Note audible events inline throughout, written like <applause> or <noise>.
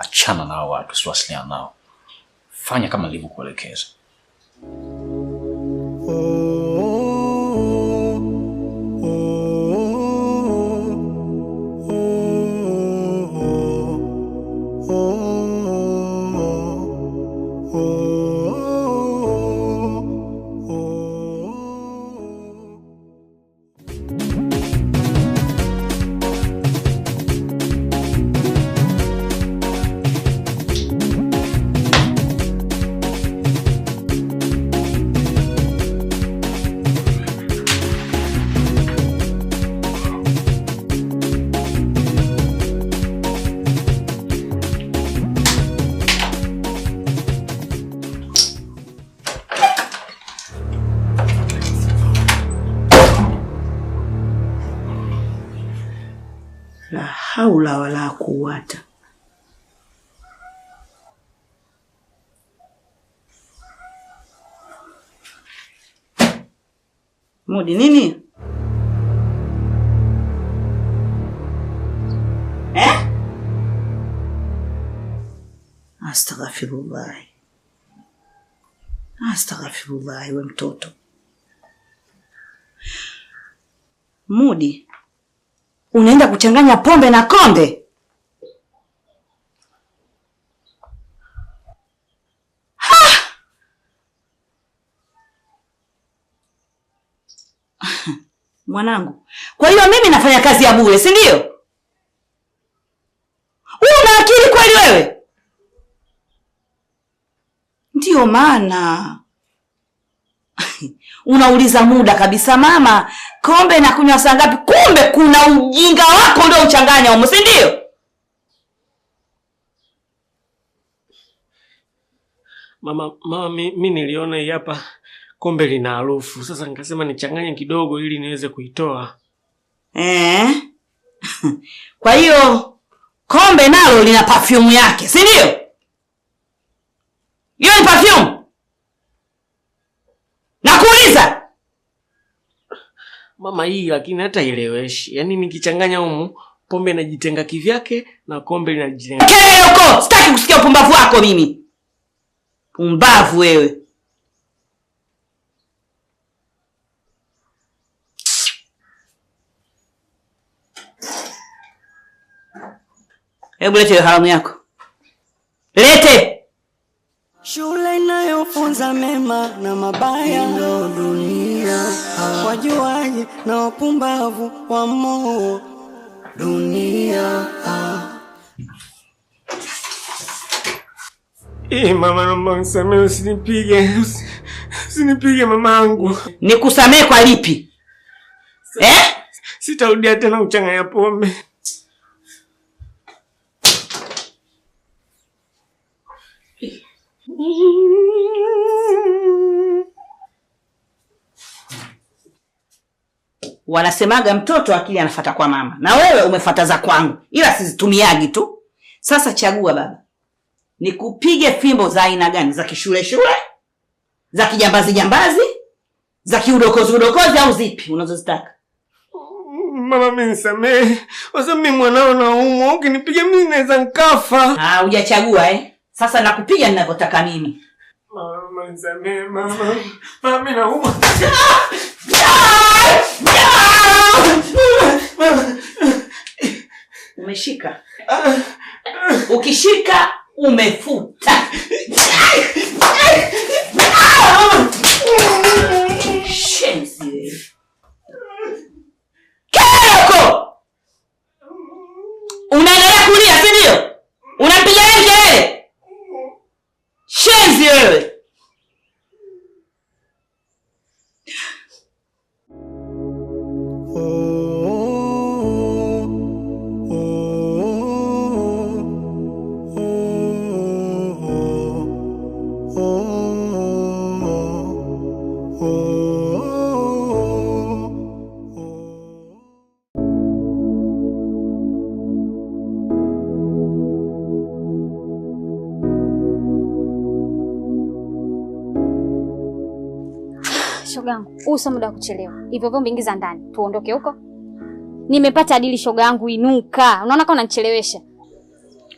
achana nao watu, siwasiliana nao, fanya kama nilivyokuelekeza. la haula wala kuwata. Mudi nini eh? Astaghfirullahi, astaghfirullahi, we mtoto Mudi unaenda kuchanganya pombe na konde? <laughs> Mwanangu, kwa hiyo mimi nafanya kazi ya bure, si ndio? Una akili kweli wewe? Ndiyo maana <laughs> unauliza muda kabisa, mama kombe na kunywa saa ngapi. Kumbe kuna ujinga wako ndio uchanganya umo si ndio? Mama, mama mi, mi niliona hii hapa kombe lina harufu, sasa nikasema nichanganye kidogo ili niweze kuitoa eh. <laughs> Kwa hiyo kombe nalo lina perfume yake, si ndio? Hiyo ni perfume. Nakuuliza mama hii lakini hata ileweshi. Yaani nikichanganya humu pombe inajitenga kivyake na kombe linajitenga. Kelele huko, sitaki kusikia upumbavu wako mimi. Pumbavu wewe. Hebu lete haramu yako. Lete kwanza mema na mabaya. Ndo dunia, wajuaji na wapumbavu wa moo dunia. Hey, eh, mama naomba unisamehe, usinipige, usinipige mamangu. Nikusamehe kwa lipi? eh? Sitarudia tena ya pombe. Eh. wanasemaga mtoto akili anafata kwa mama, na wewe umefata za kwangu, ila sizitumiagi tu. Sasa chagua baba, nikupige fimbo za aina gani? Za kishule shule, za kijambazi jambazi, za kiudokozi udokozi, au zipi unazozitaka? Mama mimi nisamehe, wasa mimi mwanao naumwa, ukinipiga mi naweza nkafa. Ah, hujachagua eh? Sasa nakupiga ninavyotaka mimi. Mama nisamehe, mama mama, naumwa. Ah! Ah! Ah! Umeshika, <laughs> ukishika umefuta. Shenzi Keko, unaendelea kulia, si ndio? Unapiga kelele, shenzi wewe. wangu, huu sio muda wa kuchelewa. Hivyo vyombo ingiza ndani, tuondoke huko. Nimepata adili, shoga yangu, inuka. Unaona kama unanichelewesha.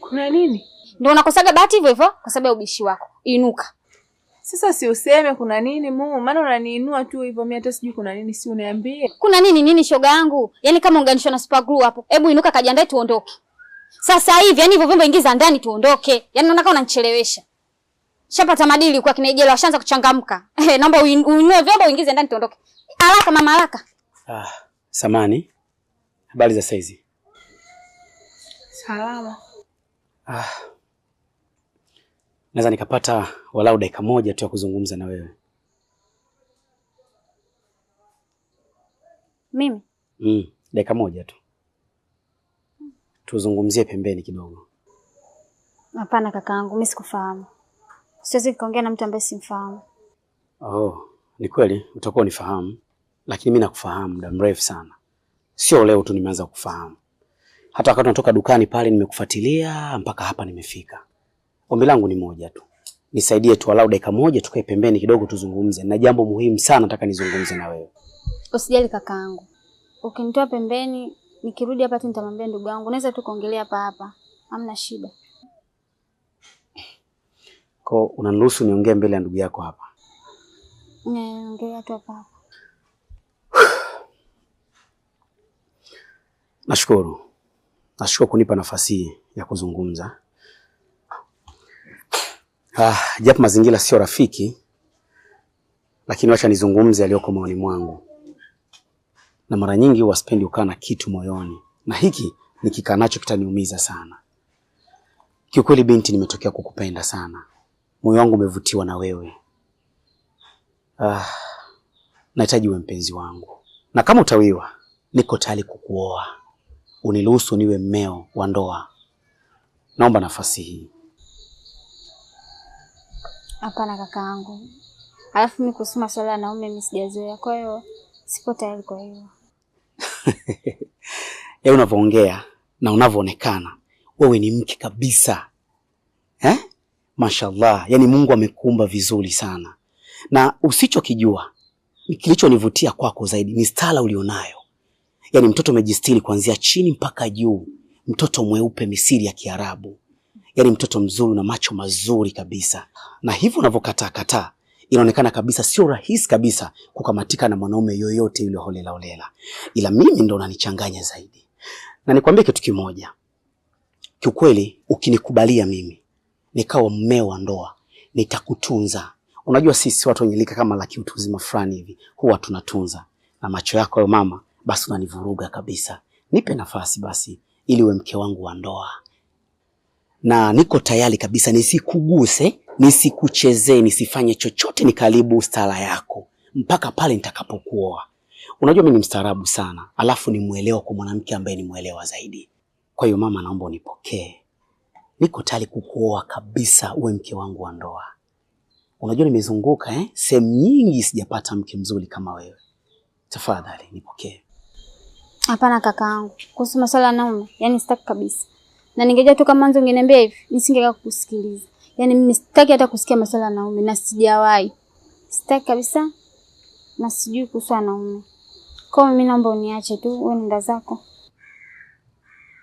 Kuna nini? Ndio unakosaga bahati hivyo hivyo kwa sababu ya ubishi wako. Inuka. Sasa si useme kuna nini mumu, maana unaniinua tu hivyo, mimi hata sijui kuna nini, si uniambie. Kuna nini nini shoga yangu? Yaani kama unganishwa na super glue hapo. Hebu inuka kajiandae tuondoke. Sasa hivi, yani hivyo vyombo ingiza ndani tuondoke. Yaani unaona kama unanichelewesha. Shapata madili kwa kinejela washaanza kuchangamka. <laughs> Eh, naomba uinue vyombo uingize ndani tuondoke. Haraka mama haraka. Ah, samani. Habari za saizi? Salama. Ah. Naweza nikapata walau dakika moja tu ya kuzungumza na wewe. Mimi? Mm, dakika moja tu. Tuzungumzie pembeni kidogo. Hapana kakaangu, mimi sikufahamu siwezi nikaongea na mtu ambaye simfahamu. Oh, ni kweli utakuwa unifahamu, lakini mimi nakufahamu muda mrefu sana, sio leo tu nimeanza kufahamu. Hata wakati natoka dukani pale nimekufuatilia mpaka hapa nimefika. Ombi langu ni moja tu, nisaidie tu walau dakika moja, tukae pembeni kidogo tuzungumze, na jambo muhimu sana nataka nizungumze na wewe. Usijali kakaangu, ukinitoa pembeni nikirudi hapa tu nitamwambia ndugu yangu, naweza tu kuongelea hapa hapa, hamna shida. Ko, unaniruhusu niongee mbele ya ndugu yako hapa? hapa. <sighs> Nashukuru, nashukuru kunipa nafasi ya kuzungumza. <sighs> Ah, japo mazingira sio rafiki, lakini wacha nizungumze yaliyoko moyoni mwangu, na mara nyingi huwa sipendi ukaa na kitu moyoni, na hiki nikikaa nacho kitaniumiza sana. Kiukweli binti, nimetokea kukupenda sana moyo wangu umevutiwa na wewe. Ah, nahitaji uwe mpenzi wangu, na kama utawiwa, niko tayari kukuoa. Uniruhusu niwe mmeo wa ndoa. Naomba nafasi hii. Hapana kakaangu, alafu mimi kusema swala ya naume mimi sijazoea, kwa hiyo sipo tayari kwa hiyo. <laughs> Yaani unavyoongea na unavyoonekana wewe ni mke kabisa eh? mashallah, yani Mungu amekumba vizuri sana, na usichokijua kilichonivutia kwako zaidi ni stala ulionayo, yani mtoto umejistiri kuanzia chini mpaka juu, mtoto mweupe misiri ya Kiarabu, yani mtoto mzuri na macho mazuri kabisa, na hivyo unavyokataa kataa inaonekana kabisa sio rahisi kabisa kukamatika na mwanaume yoyote yule holela holela, ila mimi ndo unanichanganya zaidi. Na nikwambie kitu kimoja kiukweli, ukinikubalia mimi nikawa mmeo wa ndoa, nitakutunza. Unajua sisi watu wenye lika kama la kiutuzima fulani hivi huwa tunatunza, na macho yako hayo mama, basi unanivuruga kabisa. Nipe nafasi basi, ili uwe mke wangu wa ndoa, na niko tayari kabisa, nisikuguse, nisikuchezee, nisifanye chochote nikaribu stara yako mpaka pale nitakapokuoa. Unajua mimi ni mstaarabu sana, alafu ni mwelewa kwa mwanamke ambaye ni mwelewa zaidi. Kwa hiyo mama, naomba unipokee niko tayari kukuoa kabisa, uwe mke wangu wa ndoa. Unajua nimezunguka eh, sehemu nyingi sijapata mke mzuri kama wewe. Tafadhali nipokee. Hapana kakaangu, kuhusu masuala ya naume, yani sitaki kabisa, na ningeja tu kama mwanzo ungeniambia hivi nisingeka kukusikiliza. Yani mimi sitaki hata kusikia masuala ya naume, na sijawahi, sitaki kabisa, na sijui kuhusu naume. Kwa hiyo mimi naomba uniache tu, wewe nenda zako.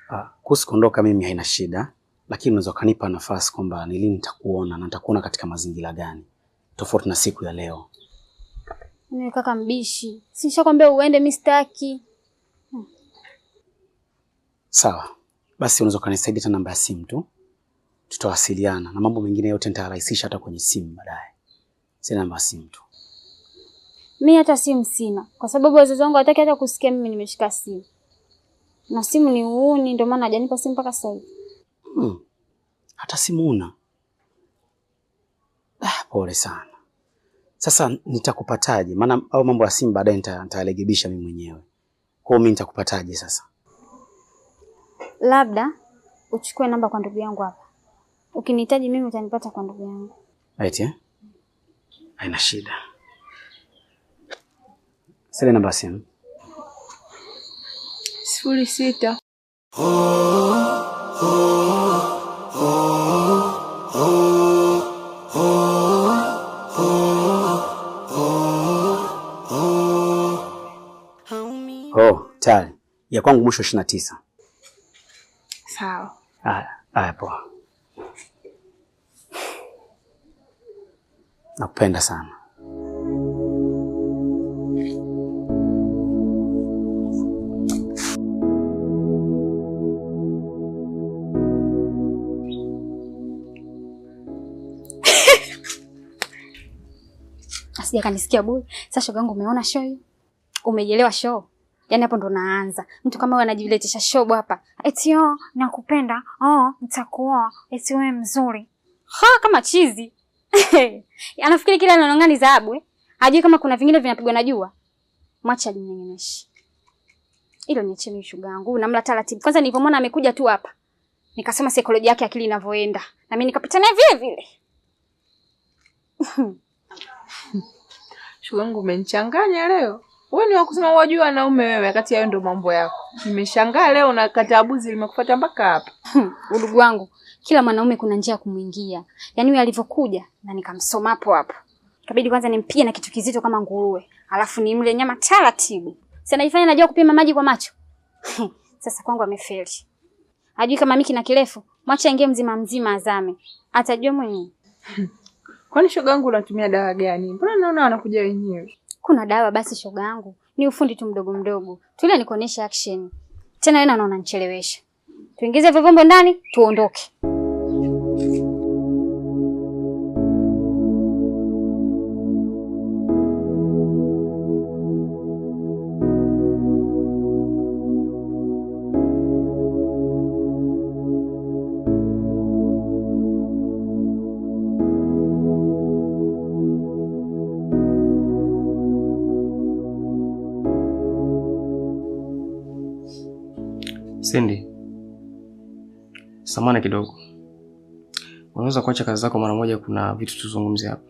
Ah, kuhusu kuondoka mimi haina shida lakini unaweza kanipa nafasi kwamba ni lini nitakuona na nitakuona katika mazingira gani tofauti na siku ya leo. Ni kaka mbishi, sishakwambia uende, mimi sitaki. Hmm. Sawa basi, unaweza kanisaidia hata namba ya simu tu, tutawasiliana na mambo mengine yote nitarahisisha hata kwenye simu baadaye. Sina namba ya simu tu mimi, hata simu sina, kwa sababu wazazi wangu hawataki hata kusikia mimi nimeshika simu na simu ni uuni, ndio maana hajanipa simu mpaka sasa hivi. Hmm. Hata simuna Ah, pole sana. Sasa nitakupataje? Maana au mambo ya simu baadaye nitayarekebisha mimi mwenyewe. Kwa hiyo mimi nitakupataje sasa? Labda uchukue namba kwa ndugu yangu hapa. Ukinihitaji mimi utanipata kwa ndugu yangu. Right, eh? Haina shida. Sile namba simu. Sifuri sita. Oh. Oh, tayari ya kwangu mwisho ishirini na tisa. Sawa. Haya, poa. Nakupenda sana. asije kanisikia bure. Sasa shoga yangu, umeona show hiyo? Umejelewa show. Yaani hapo ndo naanza. Mtu kama wewe anajiletisha shobo hapa. Eti oh, nakupenda. Oh, nitakuoa. Eti wewe mzuri. Ha, kama chizi. <laughs> Anafikiri kile anaongani zaabu eh? Hajui kama kuna vingine vinapigwa na jua. Mwacha ajinyenyeshi. Hilo ni chemi shoga yangu. Namla taratibu. Kwanza nilipomwona amekuja tu hapa. Nikasema saikolojia yake akili inavyoenda. Na mimi nikapita naye vile vile. <laughs> Shoga yangu umenichanganya leo. Wewe ni wakusema wajua wanaume wewe, kati yao ndio mambo yako. Nimeshangaa leo na katabuzi limekufuata mpaka hapa. Udugu <laughs> wangu, kila mwanaume kuna njia ya kumuingia. Yaani wewe alivyokuja na nikamsoma hapo hapo. Kabidi kwanza nimpie na kitu kizito kama nguruwe, alafu nimle nyama taratibu. Sasa najifanya najua kupima maji kwa macho. <laughs> Sasa kwangu amefeli. Hajui kama miki na kirefu, mwache aingie mzima mzima azame. Atajua mwenyewe. <laughs> Kwani shoga yangu unatumia dawa gani? Mbona naona wanakuja wenyewe? Kuna dawa basi shoga yangu. Ni ufundi tu mdogo mdogo. Tulia nikuonesha action. Tena wewe unaona nanichelewesha. Tuingize vyombo ndani tuondoke. Cindy, samana kidogo, unaweza kuacha kazi zako mara moja? Kuna vitu tuzungumze hapa.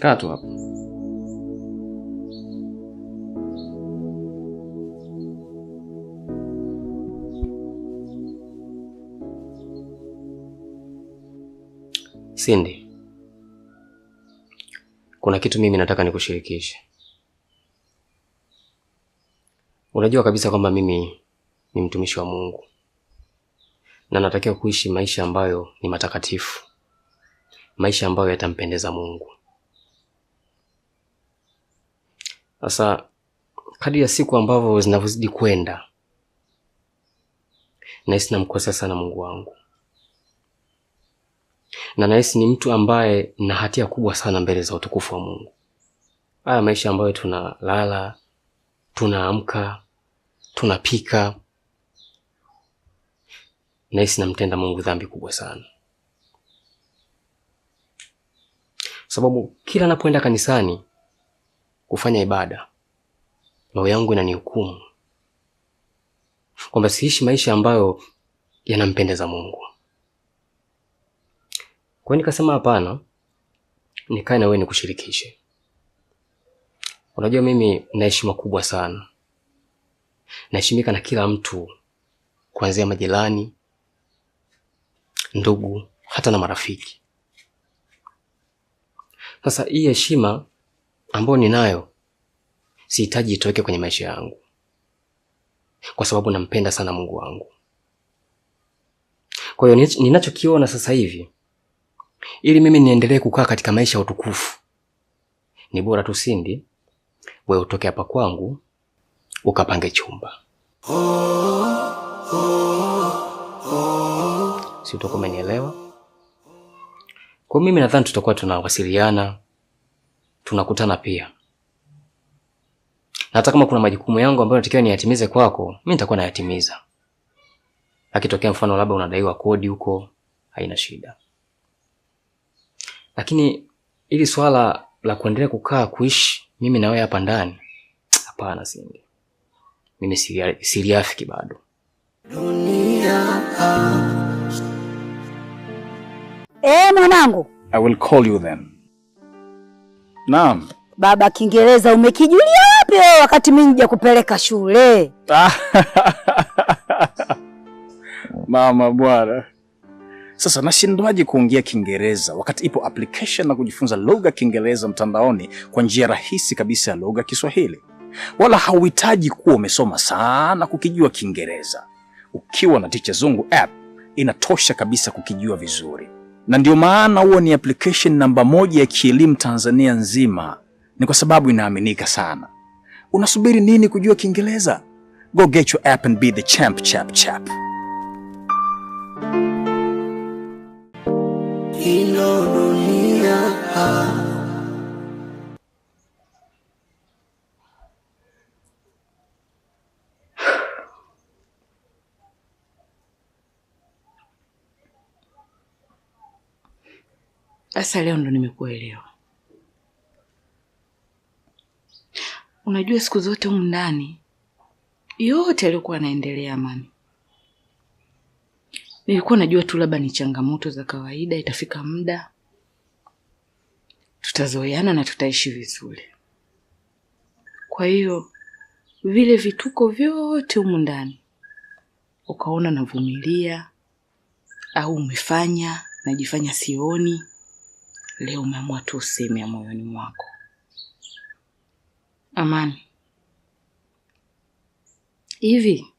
Kaa tu hapa. Cindy, kuna kitu mimi nataka nikushirikishe. Unajua kabisa kwamba mimi ni mtumishi wa Mungu na natakiwa kuishi maisha ambayo ni matakatifu, maisha ambayo yatampendeza Mungu. Sasa kadri ya siku ambavyo zinavyozidi kwenda, nahisi namkosea sana Mungu wangu na nahisi ni mtu ambaye na hatia kubwa sana mbele za utukufu wa Mungu. Haya maisha ambayo tunalala, tunaamka tunapika. Nahisi namtenda Mungu dhambi kubwa sana, sababu kila napoenda kanisani kufanya ibada, roho yangu inanihukumu kwamba siishi maisha ambayo yanampendeza Mungu. Kwa hiyo nikasema hapana, nikae na wewe nikushirikishe. Unajua mimi na heshima kubwa sana naheshimika na kila mtu, kuanzia majirani, ndugu, hata na marafiki. Sasa hii heshima ambayo ninayo sihitaji itoweke kwenye maisha yangu, kwa sababu nampenda sana Mungu wangu. Kwa hiyo ninachokiona sasa hivi, ili mimi niendelee kukaa katika maisha ya utukufu, ni bora tu Sindi wewe utoke hapa kwangu ukapange chumba. Si utakuwa umenielewa? Kwa mimi nadhani tutakuwa tunawasiliana, tunakutana pia, na hata kama kuna majukumu yangu ambayo natakiwa niyatimize kwako, mi nitakuwa nayatimiza. Akitokea mfano labda unadaiwa kodi huko, haina shida, lakini ili swala la kuendelea kukaa kuishi mimi na wewe hapa ndani, hapana, Singi mimi siliafiki bado. Eh, mwanangu. I will call you then. Naam. Baba, Kiingereza umekijulia wapi wewe wakati mimi nija kupeleka shule? <laughs> Mama bwana. Sasa nashindwaje kuongea Kiingereza wakati ipo application na kujifunza lugha Kiingereza mtandaoni kwa njia rahisi kabisa ya lugha Kiswahili? wala hauhitaji kuwa umesoma sana kukijua Kiingereza. Ukiwa na ticha zungu app inatosha kabisa kukijua vizuri, na ndio maana huo ni application namba moja ya kielimu Tanzania nzima, ni kwa sababu inaaminika sana. Unasubiri nini kujua Kiingereza? Go get your app and be the champ chap chap. Ino dunia Sasa leo ndo nimekuelewa. Unajua siku zote humu ndani yote yaliyokuwa yanaendelea, Amani, nilikuwa najua tu labda ni changamoto za kawaida, itafika muda tutazoeana na tutaishi vizuri. Kwa hiyo vile vituko vyote humu ndani ukaona navumilia, au umefanya najifanya sioni, Leo umeamua tu useme ya moyoni mwako. Amani, hivi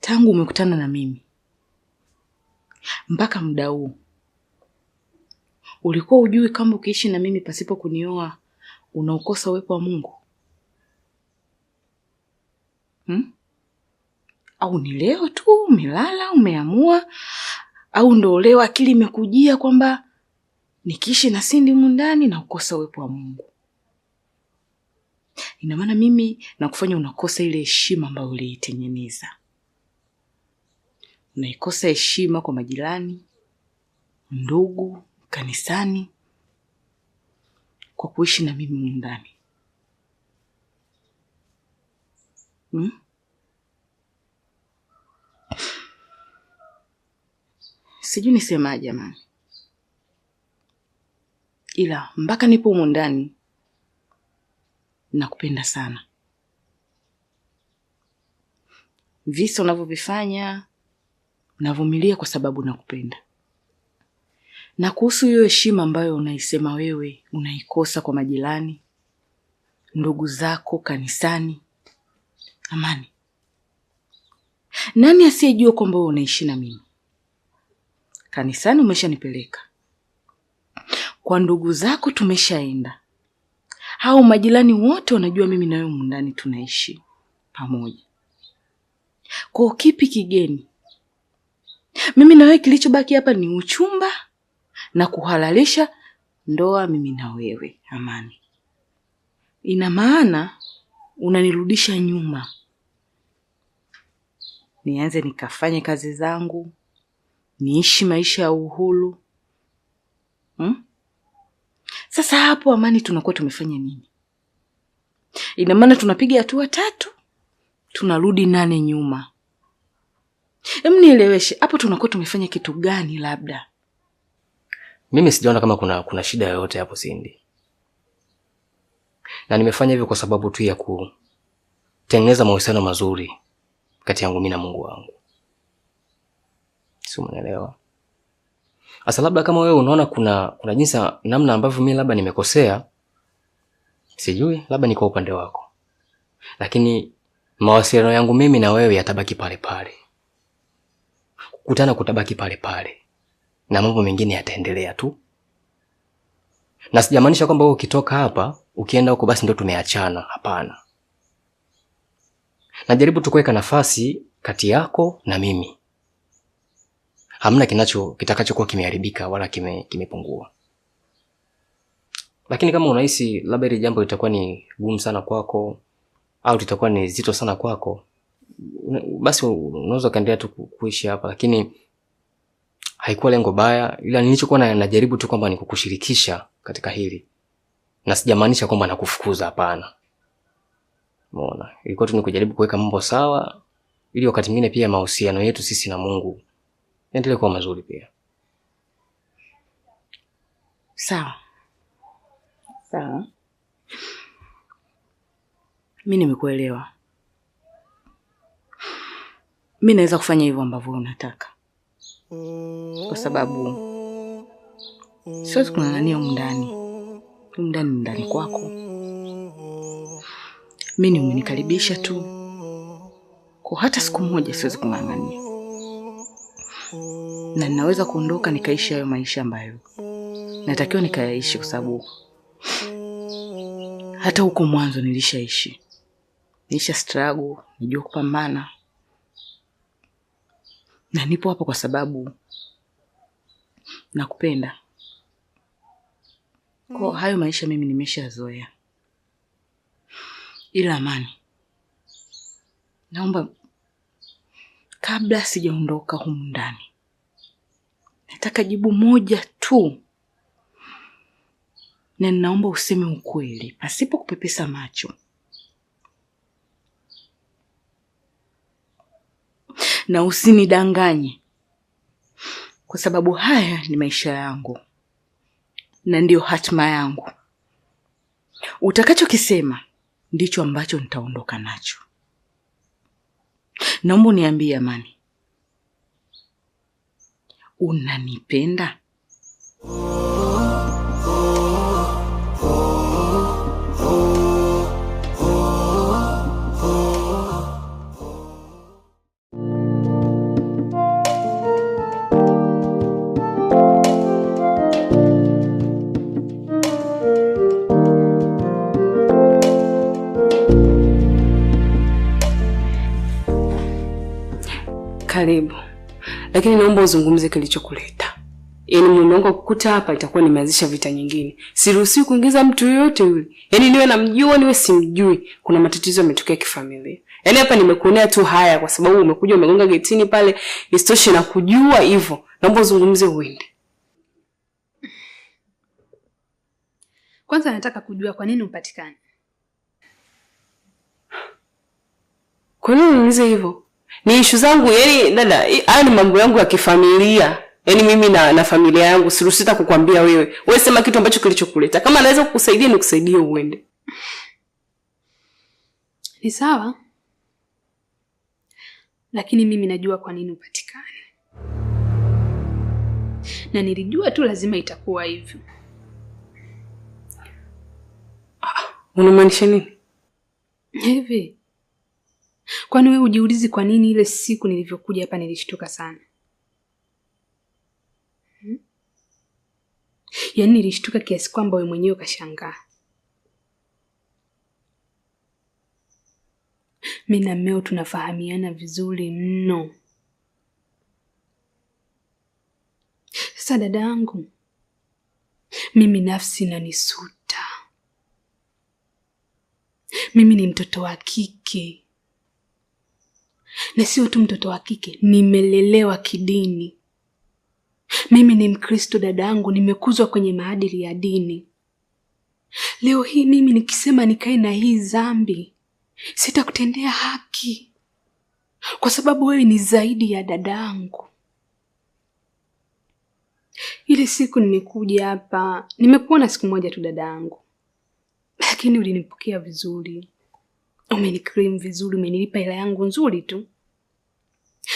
tangu umekutana na mimi mpaka muda huu ulikuwa ujui kama ukiishi na mimi pasipo kunioa unaokosa uwepo wa Mungu hmm? Au ni leo tu umelala umeamua au ndo leo akili imekujia kwamba nikiishi na Sindi mundani na ukosa uwepo wa Mungu? Ina maana mimi nakufanya unakosa ile heshima ambayo uliitengeneza. Unaikosa heshima kwa majirani, ndugu, kanisani, kwa kuishi na mimi mundani hmm? sijui nisemaje jamani, ila mpaka nipo humu ndani nakupenda sana. Visa unavyovifanya navumilia kwa sababu nakupenda. Na kuhusu hiyo heshima ambayo unaisema wewe unaikosa kwa majirani, ndugu zako, kanisani, Amani, nani asiyejua kwamba wewe unaishi na mimi? Kanisani umeshanipeleka, kwa ndugu zako tumeshaenda, au majirani wote wanajua mimi na wewe mundani tunaishi pamoja. Kwa kipi kigeni? Mimi na wewe kilichobaki hapa ni uchumba na kuhalalisha ndoa mimi na wewe. Amani, ina maana unanirudisha nyuma nianze nikafanye kazi zangu niishi maisha ya uhuru hmm? Sasa hapo Amani, tunakuwa tumefanya nini? Ina maana tunapiga hatua tatu tunarudi nane nyuma. Em, nieleweshe hapo, tunakuwa tumefanya kitu gani? Labda mimi sijaona kama kuna kuna shida yoyote hapo Sindi, na nimefanya hivyo kwa sababu tu ya kutengeneza mahusiano mazuri kati yangu mimi na Mungu wangu si umeelewa? labda kama wewe unaona kuna kuna jinsi namna ambavyo mimi labda nimekosea, sijui labda ni kwa upande wako, lakini mawasiliano yangu mimi na wewe yatabaki pale pale, kukutana kutabaki pale pale, na mambo mengine yataendelea tu, na sijamaanisha kwamba wewe ukitoka hapa ukienda huko basi ndio tumeachana. Hapana, najaribu tukuweka nafasi kati yako na mimi hamna kinacho kitakachokuwa kimeharibika wala kimepungua kime, Lakini kama unahisi labda ile jambo litakuwa ni gumu sana kwako au litakuwa ni zito sana kwako, basi unaweza ukaendelea tu kuishi hapa, lakini haikuwa lengo baya, ila nilichokuwa na, najaribu tu kwamba nikukushirikisha katika hili, na sijamaanisha kwamba nakufukuza, hapana. Umeona, ilikuwa tu ni kujaribu kuweka mambo sawa, ili wakati mwingine pia mahusiano yetu sisi na Mungu yaendelee kuwa mazuri pia. Sawa sawa, mi nimekuelewa. Mi naweza kufanya hivyo ambavyo unataka, kwa sababu siwezi kung'ang'ania humu ndani. Humu ndani ni ndani kwako, mi ni umenikaribisha tu, kwa hata siku moja siwezi kung'ang'ania na ninaweza kuondoka nikaishi hayo maisha ambayo natakiwa nikayaishi, kwa sababu hata huko mwanzo nilishaishi, nilisha struggle, nijua kupambana, na nipo hapa kwa sababu nakupenda. Kwa hayo maisha mimi nimeshazoea, ila Amani, naomba kabla sijaondoka humu ndani. Nataka jibu moja tu, na ninaomba useme ukweli pasipo kupepesa macho. na usinidanganye, kwa sababu haya ni maisha yangu na ndiyo hatima yangu. Utakachokisema ndicho ambacho nitaondoka nacho. Naomba uniambie Amani, unanipenda? lakini naomba uzungumze kilichokuleta. Yaani mume wangu kukuta hapa itakuwa nimeanzisha vita nyingine. siruhusi kuingiza mtu yoyote yule. Yaani niwe namjua niwe simjui. Kuna matatizo yametokea kifamilia. Yaani hapa nimekuonea tu haya kwa sababu umekuja umegonga getini pale, isitoshe na kujua hivyo. Naomba uzungumze uende. Kwanza nataka kujua kwa nini upatikane. Kwa nini hivyo? ni ishu zangu yani dada, haya ni mambo yangu ya kifamilia. Yaani mimi na, na familia yangu sirusita kukwambia wewe. Wewe sema kitu ambacho kilichokuleta. Kama naweza kukusaidia kusaidia uende. Ni sawa. Lakini mimi najua kwa nini upatikane. Na nilijua tu lazima itakuwa hivyo. Ah, unamaanisha nini? Hivi Kwani wewe ujiulizi kwa nini ile siku nilivyokuja hapa nilishtuka sana? Hmm? Yaani nilishtuka kiasi kwamba wewe mwenyewe ukashangaa. Mimi na mmeo tunafahamiana vizuri mno. Sasa dada yangu, mimi nafsi inanisuta. Mimi ni mtoto wa kike na sio tu mtoto wa kike, nimelelewa kidini. Mimi ni Mkristo dada yangu, nimekuzwa kwenye maadili ya dini. Leo hii mimi nikisema nikae na hii dhambi, sitakutendea haki kwa sababu wewe ni zaidi ya dada yangu. Ile siku nimekuja hapa, nimekuona siku moja tu dada yangu, lakini ulinipokea vizuri, umenikrim vizuri, umenilipa hela yangu nzuri tu.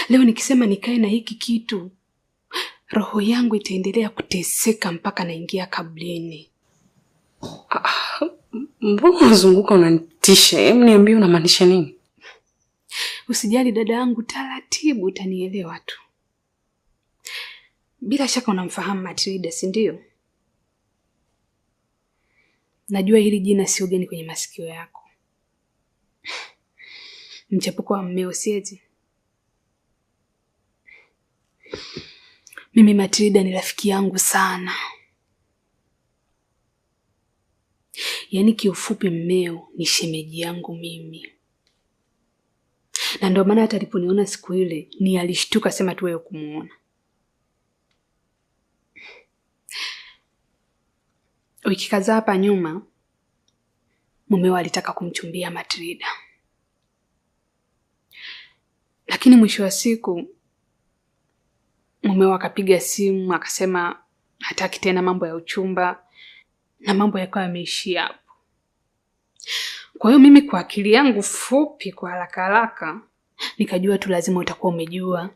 Leo nikisema nikae na hiki kitu, roho yangu itaendelea kuteseka mpaka naingia kaburini. Ah, mbona unazunguka unanitisha? Hebu niambie unamaanisha nini? Usijali dada yangu, taratibu utanielewa tu. Bila shaka unamfahamu Matilda, si ndio? Najua hili jina sio geni kwenye masikio yako. Mchepuko wa mmeo sieti mimi Matilda ni rafiki yangu sana, yaani kiufupi mmeo ni shemeji yangu mimi, na ndio maana hata aliponiona siku ile ni alishtuka, sema tu wewe kumuona. Wiki kadhaa hapa nyuma mumeo alitaka kumchumbia Matilda, lakini mwisho wa siku mumeo akapiga simu akasema hataki tena mambo ya uchumba, na mambo yakawa yameishia hapo. Kwa hiyo mimi kwa akili yangu fupi, kwa haraka haraka, nikajua tu lazima utakuwa umejua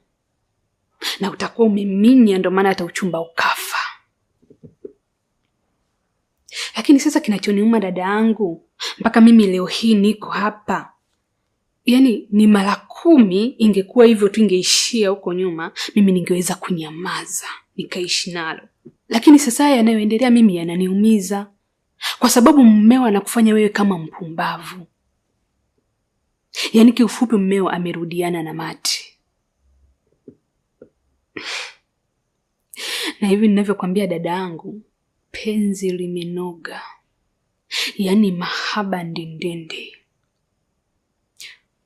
na utakuwa umeminya, ndio maana hata uchumba ukafa. Lakini sasa kinachoniuma dada yangu, mpaka mimi leo hii niko hapa yani ni mara kumi, ingekuwa hivyo tu ingeishia huko nyuma, mimi ningeweza kunyamaza nikaishi nalo, lakini sasa haya yanayoendelea mimi yananiumiza, kwa sababu mmeo anakufanya wewe kama mpumbavu. Yaani kiufupi, mmeo amerudiana na Mati na hivi ninavyokwambia, dada yangu, penzi limenoga, yaani mahaba ndendende.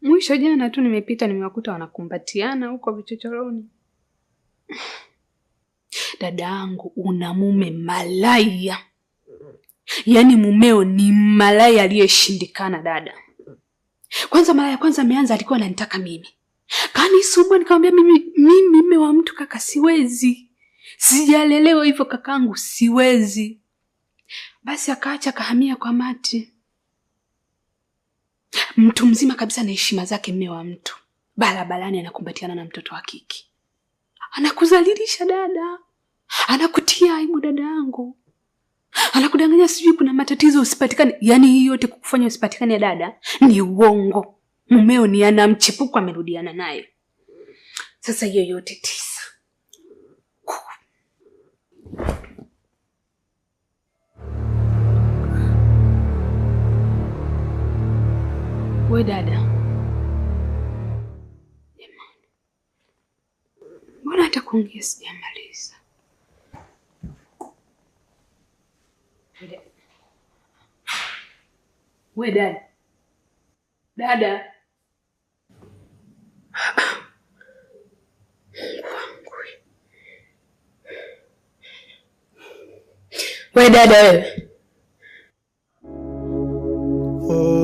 Mwisho jana tu nimepita nimewakuta wanakumbatiana huko vichochoroni. <sighs> Dada yangu una mume malaya, yaani mumeo ni malaya aliyeshindikana. Dada kwanza, mara ya kwanza ameanza alikuwa ananitaka mimi, kanisumbua. Nikamwambia mimi mimi mume wa mtu kaka, siwezi, sijalelewa hivyo kakaangu, siwezi. Basi akaacha kahamia kwa Mati. Mtu mzima kabisa na heshima zake, mme wa mtu barabarani anakumbatiana na mtoto wa kike, anakuzalilisha dada, anakutia aibu dada yangu, anakudanganya sijui kuna matatizo usipatikane. Yaani hii yote kukufanya usipatikane ya dada ni uongo. Mumeo ni ana mchepuko amerudiana naye. Sasa hiyo yote tisa We dada, mbona hata kuongea sijamaliza? We dada, dada we dada, wewe oh.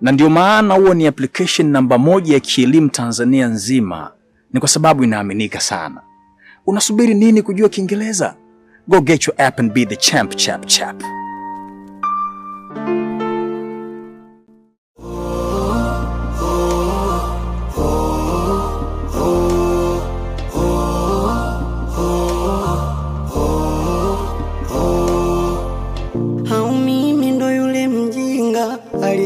na ndio maana huo ni application namba moja ya kielimu Tanzania nzima, ni kwa sababu inaaminika sana. Unasubiri nini kujua Kiingereza? Go get your app and be the champ chap chap.